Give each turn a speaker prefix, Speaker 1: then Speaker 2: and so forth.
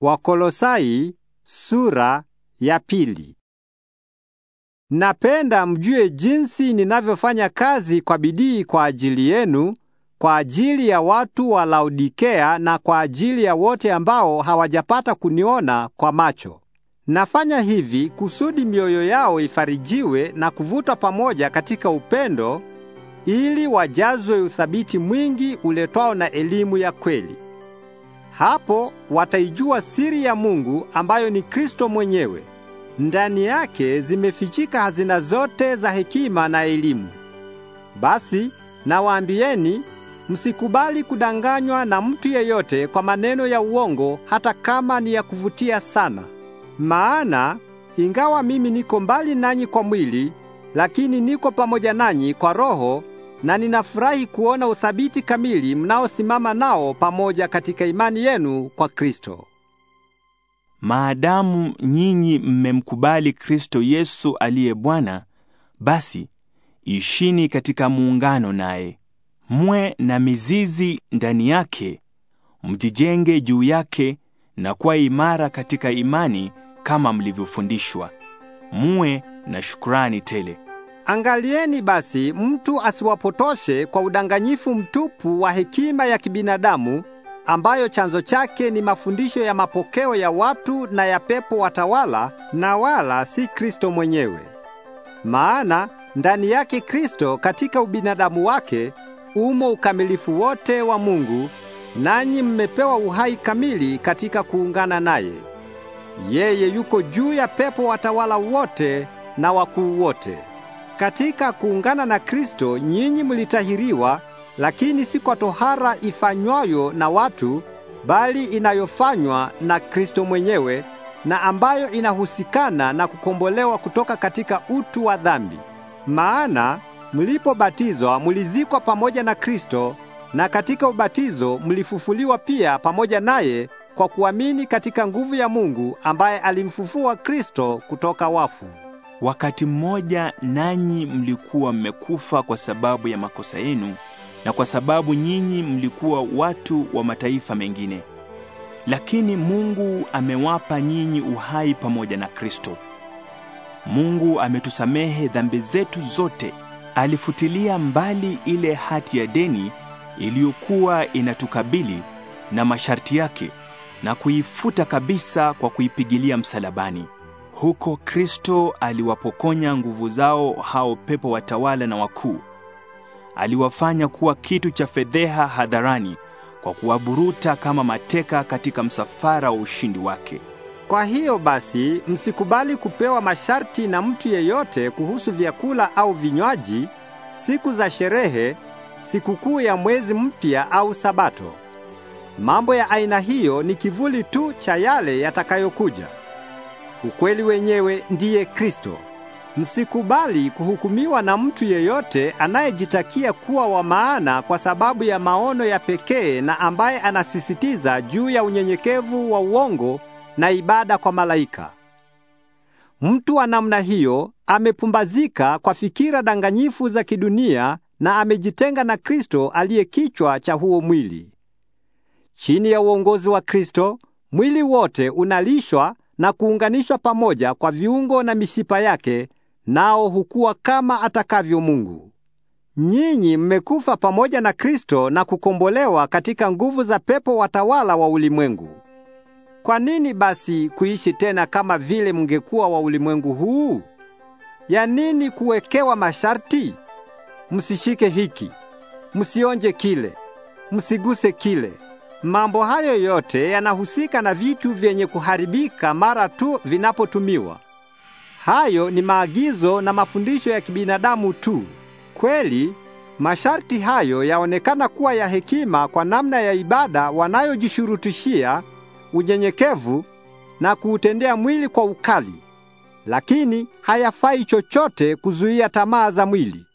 Speaker 1: Wakolosai sura ya pili. Napenda mjue jinsi ninavyofanya kazi kwa bidii kwa ajili yenu, kwa ajili ya watu wa Laodikea na kwa ajili ya wote ambao hawajapata kuniona kwa macho. Nafanya hivi kusudi mioyo yao ifarijiwe na kuvuta pamoja katika upendo ili wajazwe uthabiti mwingi uletwao na elimu ya kweli. Hapo wataijua siri ya Mungu ambayo ni Kristo mwenyewe. Ndani yake zimefichika hazina zote za hekima na elimu. Basi nawaambieni, msikubali kudanganywa na mtu yeyote kwa maneno ya uongo, hata kama ni ya kuvutia sana. Maana ingawa mimi niko mbali nanyi kwa mwili, lakini niko pamoja nanyi kwa roho na ninafurahi kuona uthabiti kamili mnaosimama nao pamoja katika imani yenu kwa Kristo.
Speaker 2: Maadamu nyinyi mmemkubali Kristo Yesu aliye Bwana, basi ishini katika muungano naye. Mwe na mizizi ndani yake, mjijenge juu yake na kuwa imara katika imani kama mlivyofundishwa. Mwe
Speaker 1: na shukrani tele. Angalieni basi mtu asiwapotoshe kwa udanganyifu mtupu wa hekima ya kibinadamu ambayo chanzo chake ni mafundisho ya mapokeo ya watu na ya pepo watawala na wala si Kristo mwenyewe. Maana ndani yake Kristo katika ubinadamu wake umo ukamilifu wote wa Mungu, nanyi mmepewa uhai kamili katika kuungana naye. Yeye yuko juu ya pepo watawala wote na wakuu wote. Katika kuungana na Kristo nyinyi mlitahiriwa, lakini si kwa tohara ifanywayo na watu, bali inayofanywa na Kristo mwenyewe na ambayo inahusikana na kukombolewa kutoka katika utu wa dhambi. Maana mlipobatizwa mlizikwa pamoja na Kristo na katika ubatizo mlifufuliwa pia pamoja naye kwa kuamini katika nguvu ya Mungu ambaye alimfufua Kristo kutoka wafu.
Speaker 2: Wakati mmoja nanyi mlikuwa mmekufa kwa sababu ya makosa yenu, na kwa sababu nyinyi mlikuwa watu wa mataifa mengine, lakini Mungu amewapa nyinyi uhai pamoja na Kristo. Mungu ametusamehe dhambi zetu zote, alifutilia mbali ile hati ya deni iliyokuwa inatukabili na masharti yake, na kuifuta kabisa kwa kuipigilia msalabani. Huko Kristo aliwapokonya nguvu zao hao pepo watawala na wakuu. Aliwafanya kuwa kitu cha fedheha hadharani kwa kuwaburuta kama mateka katika msafara
Speaker 1: wa ushindi wake. Kwa hiyo basi, msikubali kupewa masharti na mtu yeyote kuhusu vyakula au vinywaji, siku za sherehe, sikukuu ya mwezi mpya au Sabato. Mambo ya aina hiyo ni kivuli tu cha yale yatakayokuja. Ukweli wenyewe ndiye Kristo. Msikubali kuhukumiwa na mtu yeyote anayejitakia kuwa wa maana kwa sababu ya maono ya pekee na ambaye anasisitiza juu ya unyenyekevu wa uongo na ibada kwa malaika. Mtu wa namna hiyo amepumbazika kwa fikira danganyifu za kidunia na amejitenga na Kristo aliye kichwa cha huo mwili. Chini ya uongozi wa Kristo, mwili wote unalishwa na kuunganishwa pamoja kwa viungo na mishipa yake, nao hukua kama atakavyo Mungu. Nyinyi mmekufa pamoja na Kristo na kukombolewa katika nguvu za pepo watawala wa ulimwengu. Kwa nini basi kuishi tena kama vile mngekuwa wa ulimwengu huu? Ya nini kuwekewa masharti? Msishike hiki, msionje kile, msiguse kile. Mambo hayo yote yanahusika na vitu vyenye kuharibika mara tu vinapotumiwa. Hayo ni maagizo na mafundisho ya kibinadamu tu. Kweli, masharti hayo yaonekana kuwa ya hekima kwa namna ya ibada wanayojishurutishia unyenyekevu na kuutendea mwili kwa ukali. Lakini hayafai chochote kuzuia tamaa za mwili.